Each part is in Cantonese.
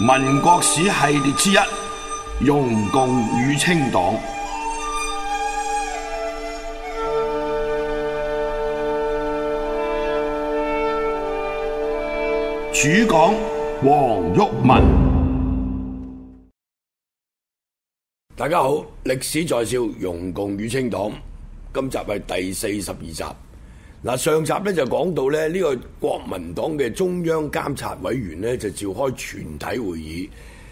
民國史系列之一，容共與清黨，主講黃毓民。大家好，歷史在笑，容共與清黨，今集係第四十二集。嗱，上集咧就講到咧呢個國民黨嘅中央監察委員咧就召開全體會議，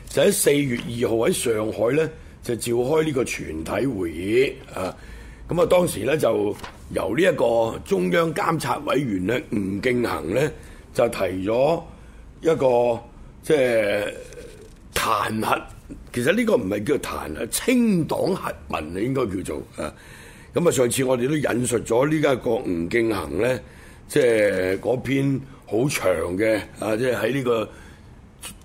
就喺四月二號喺上海咧就召開呢個全體會議啊。咁啊，當時咧就由呢一個中央監察委員咧吳敬恒咧就提咗一個即係彈劾，其實呢個唔係叫做彈劾，清黨檄文啊應該叫做啊。咁啊，上次我哋都引述咗呢家郭吳敬行咧，即係嗰篇好長嘅啊，即係喺呢個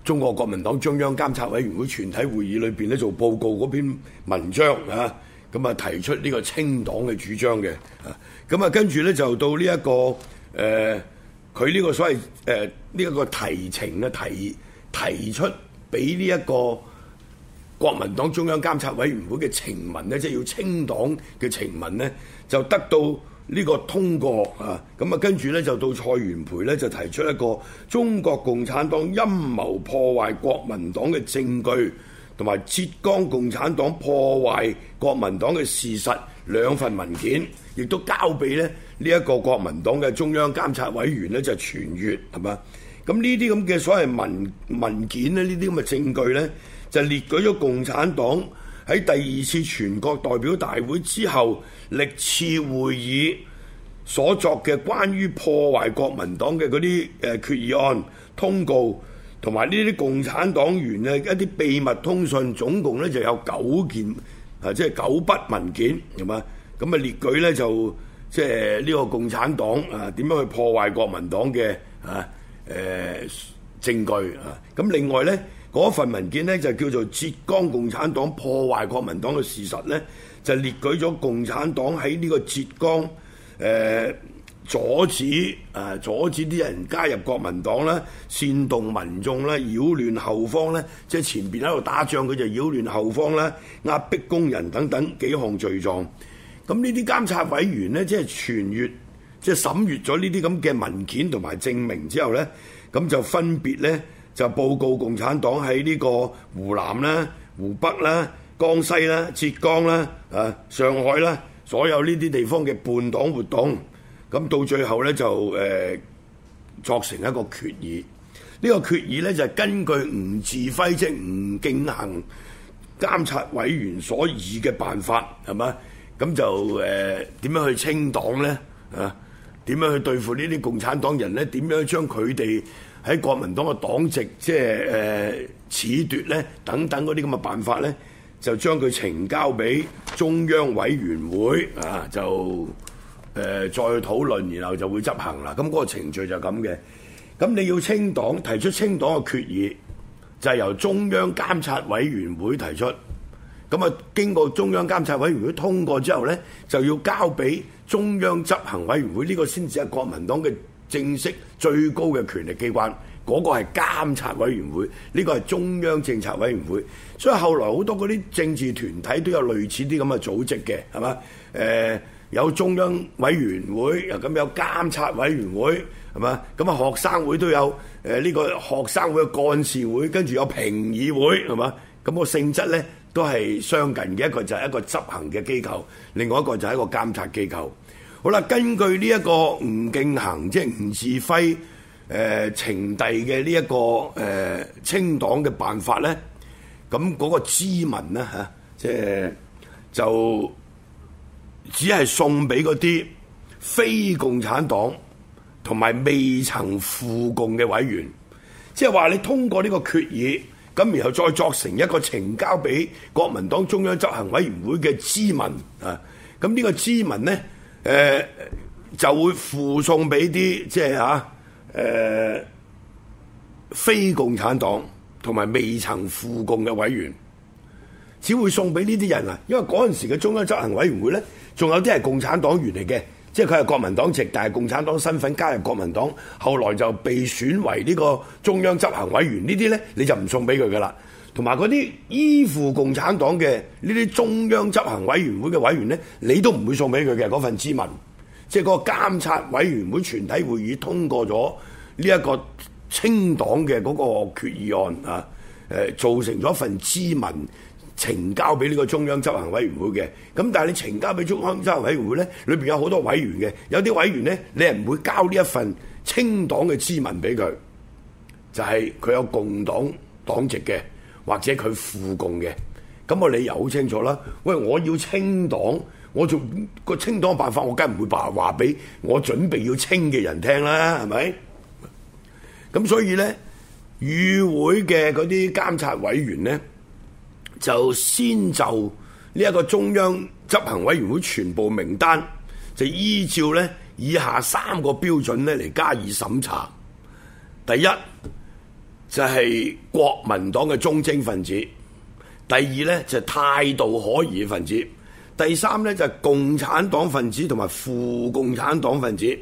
中國國民黨中央監察委員會全體會議裏邊咧做報告嗰篇文章啊，咁啊提出呢個清黨嘅主張嘅。咁啊，跟住咧就到呢、這、一個誒，佢、呃、呢個所謂誒呢一個提程，咧提提出俾呢一個。國民黨中央監察委員會嘅呈文呢，即係要清黨嘅呈文呢，就得到呢個通過啊！咁啊，跟住呢，就到蔡元培呢，就提出一個中國共產黨陰謀破壞國民黨嘅證據，同埋浙江共產黨破壞國民黨嘅事實兩份文件，亦都交俾呢呢一個國民黨嘅中央監察委員呢，就傳閱係嘛？咁呢啲咁嘅所謂文文件呢，呢啲咁嘅證據呢。就列舉咗共產黨喺第二次全國代表大會之後歷次會議所作嘅關於破壞國民黨嘅嗰啲誒決議案通告，同埋呢啲共產黨員嘅一啲秘密通訊，總共咧就有九件啊，即係九筆文件，係嘛？咁啊列舉咧就即係呢個共產黨啊點樣去破壞國民黨嘅啊誒證據啊。咁另外咧。嗰份文件呢，就叫做《浙江共產黨破壞國民黨嘅事實》呢，就列舉咗共產黨喺呢個浙江誒、呃、阻止誒、呃、阻止啲人加入國民黨啦，煽動民眾啦，擾亂後方咧，即係前邊喺度打仗，佢就擾亂後方啦，壓迫工人等等幾項罪狀。咁呢啲監察委員呢，即係傳閱即係審閱咗呢啲咁嘅文件同埋證明之後呢，咁就分別呢。就報告共產黨喺呢個湖南啦、湖北啦、江西啦、浙江啦、啊上海啦，所有呢啲地方嘅叛黨活動，咁到最後呢，就誒、呃、作成一個決議。呢、這個決議呢，就是、根據吳稚暉即吳敬恆監察委員所以嘅辦法，係嘛？咁就誒點、呃、樣去清黨呢？啊！點樣去對付呢啲共產黨人呢？點樣將佢哋喺國民黨嘅黨籍即係誒、呃、褫奪呢等等嗰啲咁嘅辦法呢？就將佢呈交俾中央委員會啊，就、呃、再去討論，然後就會執行啦。咁嗰個程序就咁嘅。咁你要清黨，提出清黨嘅決議，就係由中央監察委員會提出。咁啊，經過中央監察委員會通過之後呢，就要交俾。中央執行委員會呢個先至係國民黨嘅正式最高嘅權力機關，嗰個係監察委員會，呢個係中央政策委員會。所以後嚟好多嗰啲政治團體都有類似啲咁嘅組織嘅，係嘛？誒有中央委員會，咁有監察委員會，係嘛？咁啊學生會都有，誒呢個學生會嘅幹事會，跟住有評議會，係嘛？咁個性質呢都係相近嘅，一個就係一個執行嘅機構，另外一個就係一個監察機構。好啦，根據呢一個吳敬恆即係吳稚暉、誒、呃、呈遞嘅呢一個誒、呃、清黨嘅辦法咧，咁嗰個諮文咧嚇，即、啊、係、就是、就只係送俾嗰啲非共產黨同埋未曾附共嘅委員，即係話你通過呢個決議，咁然後再作成一個呈交俾國民黨中央執行委員會嘅諮文。啊，咁呢個諮文咧。誒、呃、就會附送俾啲即係嚇、啊呃、非共產黨同埋未曾附共嘅委員，只會送俾呢啲人啊！因為嗰陣時嘅中央執行委員會咧，仲有啲係共產黨員嚟嘅，即係佢係國民黨籍，但係共產黨身份加入國民黨，後來就被選為呢個中央執行委員，呢啲咧你就唔送俾佢噶啦。同埋嗰啲依附共產黨嘅呢啲中央執行委員會嘅委員呢，你都唔會送俾佢嘅嗰份諮文，即係嗰個監察委員會全體會議通過咗呢一個清黨嘅嗰個決議案啊，誒造成咗一份諮文呈交俾呢個中央執行委員會嘅。咁但係你呈交俾中央執行委員會呢，裏面有好多委員嘅，有啲委員呢，你係唔會交呢一份清黨嘅諮文俾佢，就係、是、佢有共黨黨籍嘅。或者佢附共嘅，咁我理由好清楚啦。喂，我要清黨，我做個清黨辦法，我梗係唔會話俾我準備要清嘅人聽啦，係咪？咁所以呢，議會嘅嗰啲監察委員呢，就先就呢一個中央執行委員會全部名單，就依照呢以下三個標準呢嚟加以審查。第一。就係、是、國民黨嘅忠貞分子；第二咧就是、態度可疑嘅分子；第三咧就是、共產黨分子同埋附共產黨分子。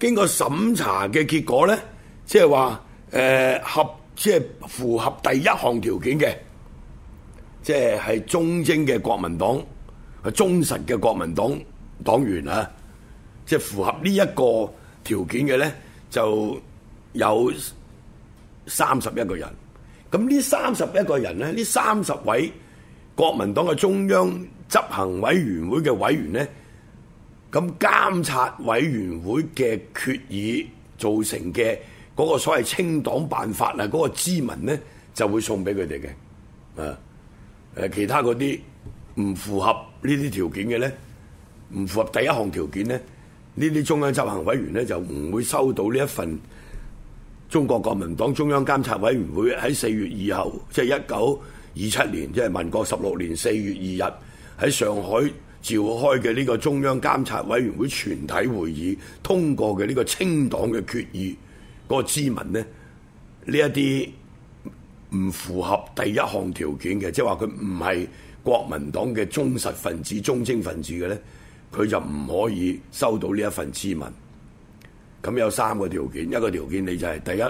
經過審查嘅結果咧，即係話誒合即係、就是、符合第一項條件嘅，即係係忠貞嘅國民黨、忠實嘅國民黨黨員啊，即、就、係、是、符合呢一個條件嘅咧就有三十一個人，咁呢三十一個人呢，呢三十位國民黨嘅中央執行委員會嘅委員呢，咁監察委員會嘅決議造成嘅嗰個所謂清黨辦法啊，嗰個資文呢，就會送俾佢哋嘅，啊，誒其他嗰啲唔符合呢啲條件嘅呢，唔符合第一項條件呢，呢啲中央執行委員呢，就唔會收到呢一份。中國國民黨中央監察委員會喺四月二號，即係一九二七年，即係民國十六年四月二日喺上海召開嘅呢個中央監察委員會全體會議通過嘅呢個清黨嘅決議，嗰個資文咧呢一啲唔符合第一項條件嘅，即係話佢唔係國民黨嘅忠實分子、忠貞分子嘅呢，佢就唔可以收到呢一份資民。咁有三個條件，一個條件你就係、是、第一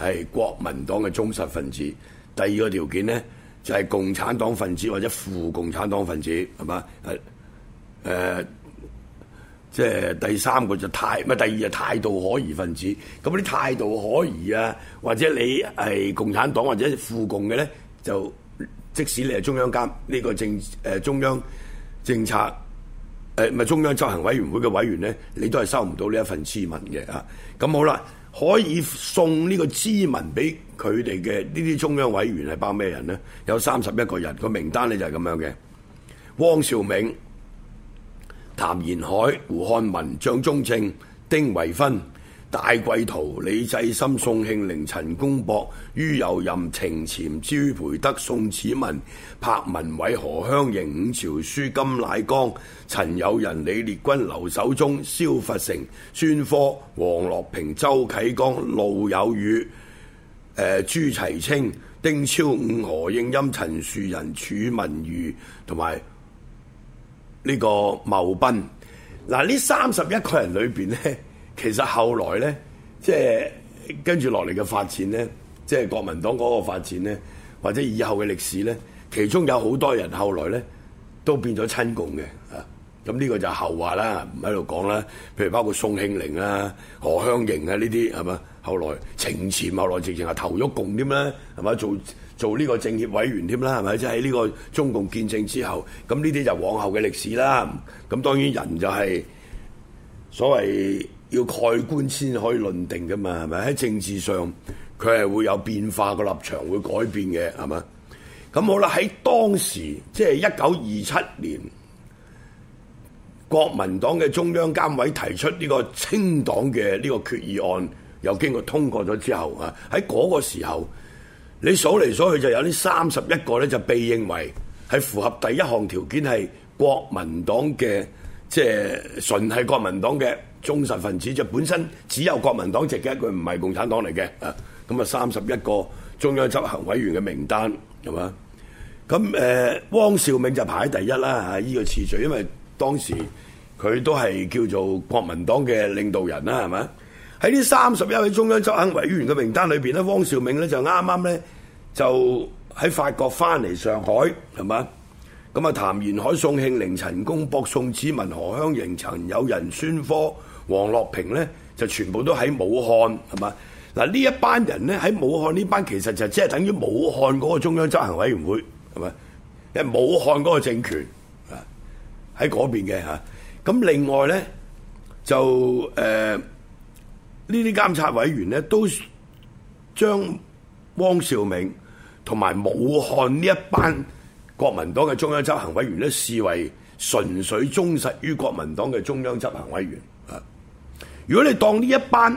係國民黨嘅忠實分子，第二個條件咧就係、是、共產黨分子或者副共產黨分子，係嘛？誒誒，即、呃、係、就是、第三個就是態，唔係第二係態度可疑分子。咁啲態度可疑啊，或者你係共產黨或者附共嘅咧，就即使你係中央監呢、這個政誒、呃、中央政策。誒，咪中央執行委員會嘅委員咧，你都係收唔到呢一份咨文嘅啊！咁好啦，可以送呢個咨文俾佢哋嘅呢啲中央委員係包咩人咧？有三十一個人，個名單咧就係咁樣嘅：汪兆銘、譚延海、胡漢民、蔣中正、丁維芬。大貴圖、李濟深、宋慶齡、陳公博、于右任、程潛、朱培德、宋子文、柏文蔚、何香凝、伍朝樞、金乃光、陳友仁、李烈鈞、劉守忠、蕭佛成、孫科、王樂平、周啟剛、陸有雨、呃、朱霽青、丁超五、何應欽、陳樹人、褚民誼同埋呢個茂斌。嗱，呢三十一個人裏邊呢。其實後來咧，即係跟住落嚟嘅發展咧，即係國民黨嗰個發展咧，或者以後嘅歷史咧，其中有好多人後來咧都變咗親共嘅啊！咁呢個就後話啦，唔喺度講啦。譬如包括宋慶齡啊、何香凝啊呢啲，係嘛？後來程潛後來直情係投咗共添啦，係咪？做做呢個政協委員添啦，係咪？即係喺呢個中共建政之後，咁呢啲就往後嘅歷史啦。咁當然人就係所謂，要蓋棺先可以論定㗎嘛？係咪喺政治上佢係會有變化，個立場會改變嘅，係嘛？咁好啦，喺當時即係一九二七年，國民黨嘅中央監委提出呢個清黨嘅呢個決議案，又經過通過咗之後啊，喺嗰個時候，你數嚟數去就有呢三十一個咧，就被認為係符合第一項條件係國民黨嘅，即係純係國民黨嘅。忠實分子就本身只有國民黨籍嘅，一佢唔係共產黨嚟嘅，啊咁啊三十一個中央執行委員嘅名單，係嘛？咁誒、呃，汪兆銘就排第一啦，啊依、這個次序，因為當時佢都係叫做國民黨嘅領導人啦，係咪？喺呢三十一位中央執行委員嘅名單裏邊咧，汪兆銘咧就啱啱咧就喺法國翻嚟上海，係嘛？咁啊，譚延海、宋慶齡、陳公博、宋子文、何香凝、陳友仁、孫科。黃樂平咧就全部都喺武漢，係嘛？嗱呢一班人咧喺武漢呢班，其實就即係等於武漢嗰個中央執行委員會，係咪？係武漢嗰個政權在那的啊，喺嗰邊嘅嚇。咁另外咧就誒呢啲監察委員咧都將汪兆銘同埋武漢呢一班國民黨嘅中央執行委員咧視為純粹忠實於國民黨嘅中央執行委員啊。如果你當呢一班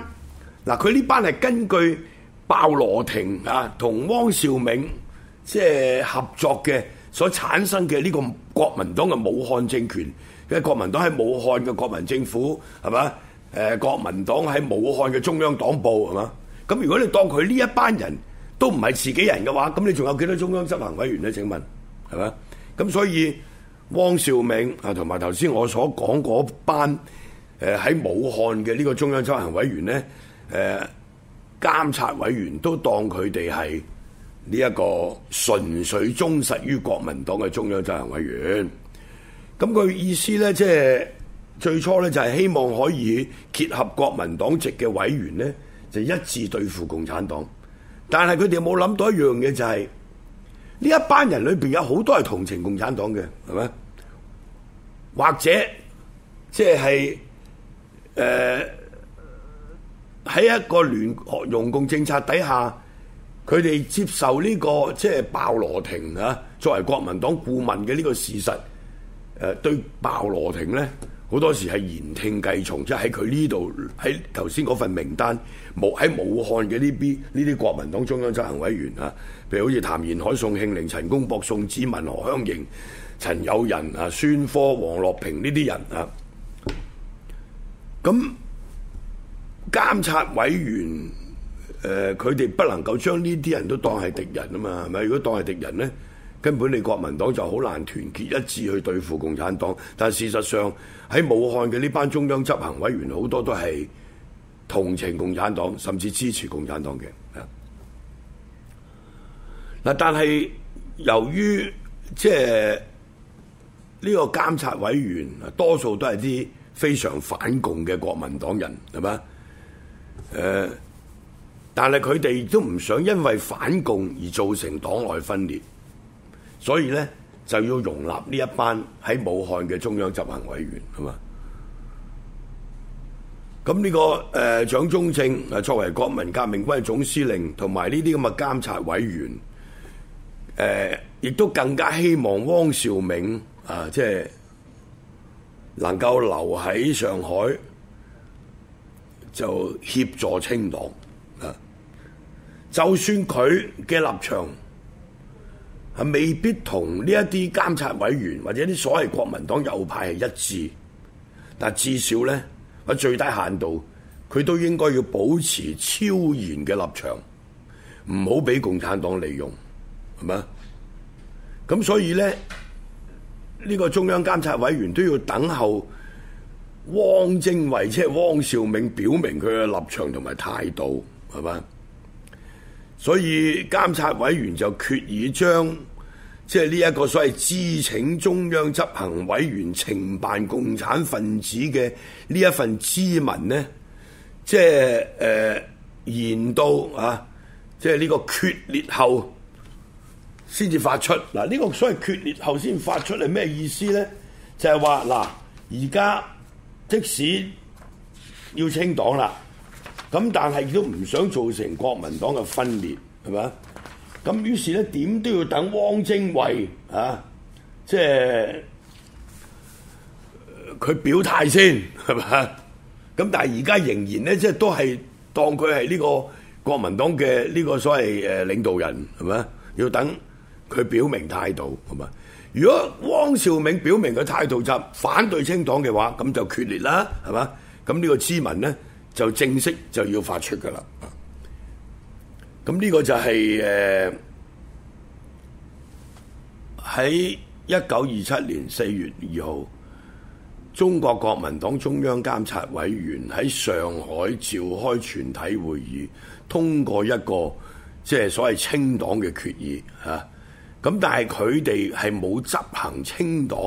嗱，佢呢班係根據鮑羅廷啊同汪兆銘即係合作嘅所產生嘅呢個國民黨嘅武漢政權，因為國民黨喺武漢嘅國民政府係嘛？誒國民黨喺武漢嘅中央黨部係嘛？咁如果你當佢呢一班人都唔係自己人嘅話，咁你仲有幾多中央執行委員呢？請問係嘛？咁所以汪兆銘啊同埋頭先我所講嗰班。誒、呃、喺武漢嘅呢個中央執行委員呢，誒、呃、監察委員都當佢哋係呢一個純粹忠實於國民黨嘅中央執行委員。咁、佢意思呢，即、就、係、是、最初呢，就係、是、希望可以結合國民黨籍嘅委員呢，就一致對付共產黨。但係佢哋冇諗到一樣嘢、就是，就係呢一班人裏邊有好多係同情共產黨嘅，係咪？或者即係？就是誒、呃、喺一個聯俄容共政策底下，佢哋接受呢、這個即係鮑羅廷啊，作為國民黨顧問嘅呢個事實。誒、呃、對鮑羅廷咧，好多時係言聽計從，即係喺佢呢度喺頭先嗰份名單，武喺武漢嘅呢啲呢啲國民黨中央執行委員啊，譬如好似譚延闓、宋慶齡、陳公博、宋子文、何香凝、陳友仁啊、孫科、王樂平呢啲人啊。咁監察委員呃、佢哋不能夠將呢啲人都當係敵人啊嘛，係咪？如果當係敵人呢，根本你國民黨就好難團結一致去對付共產黨。但事實上喺武漢嘅呢班中央執行委員好多都係同情共產黨，甚至支持共產黨嘅。嗱，但係由於即係呢、呢個監察委員多數都係啲非常反共嘅國民黨人，係嘛？誒、呃，但係佢哋都唔想因為反共而造成黨內分裂，所以咧就要容納呢一班喺武漢嘅中央執行委員，係嘛？咁呢、這個誒蔣、呃、中正誒作為國民革命軍嘅總司令，同埋呢啲咁嘅監察委員，誒、呃、亦都更加希望汪兆銘啊、呃、即係。能夠留喺上海，就協助清黨啊！就算佢嘅立場係未必同呢一啲監察委員或者啲所謂國民黨右派係一致，但至少咧，喺最低限度，佢都應該要保持超然嘅立場，唔好俾共產黨利用，係咪啊？咁所以咧。呢、這個中央監察委員都要等候汪精衛，即、就、係、是、汪兆銘，表明佢嘅立場同埋態度，係嘛？所以監察委員就決議將即係呢一個所謂知請中央執行委員懲辦共產分子嘅呢一份諮文呢，即係誒延到啊，即係呢個決裂後。先至發出嗱，呢個所謂決裂頭先發出嚟咩意思咧？就係話嗱，而家即使要清黨啦，咁但係亦都唔想造成國民黨嘅分裂，係咪啊？咁於是咧，點都要等汪精衛啊，即係佢表態先，係咪啊？咁但係而家仍然咧，即係都係當佢係呢個國民黨嘅呢個所謂誒領導人，係咪？要等。佢表明態度，係嘛？如果汪兆銘表明嘅態度就反對清黨嘅話，咁就決裂啦，係嘛？咁呢個咨文呢，就正式就要發出噶啦。咁呢個就係誒喺一九二七年四月二號，中國國民黨中央監察委員喺上海召開全體會議，通過一個即係、就是、所謂清黨嘅決議嚇。咁但係佢哋係冇執行清黨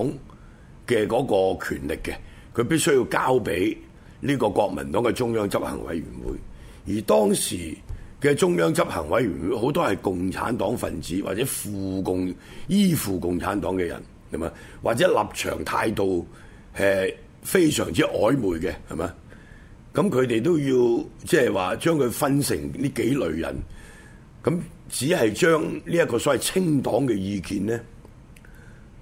嘅嗰個權力嘅，佢必須要交俾呢個國民黨嘅中央執行委員會。而當時嘅中央執行委員會好多係共產黨分子或者附共依附共產黨嘅人，係嘛？或者立場態度係非常之曖昧嘅，係嘛？咁佢哋都要即係話將佢分成呢幾類人，咁。只係將呢一個所謂清黨嘅意見咧，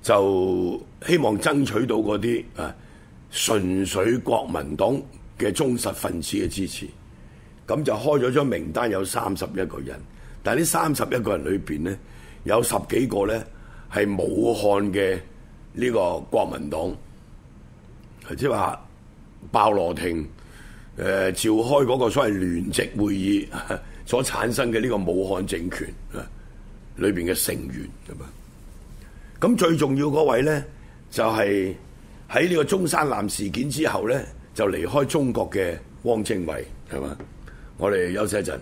就希望爭取到嗰啲啊純粹國民黨嘅忠實分子嘅支持。咁就開咗張名單，有三十一個人。但係呢三十一個人裏邊咧，有十幾個咧係武漢嘅呢個國民黨，即係話鮑羅廷誒召開嗰個所謂聯席會議。所產生嘅呢個武漢政權啊，裏面嘅成員，咁最重要嗰位呢，就係喺呢個中山艦事件之後呢，就離開中國嘅汪精衛係嘛，我哋休息一陣。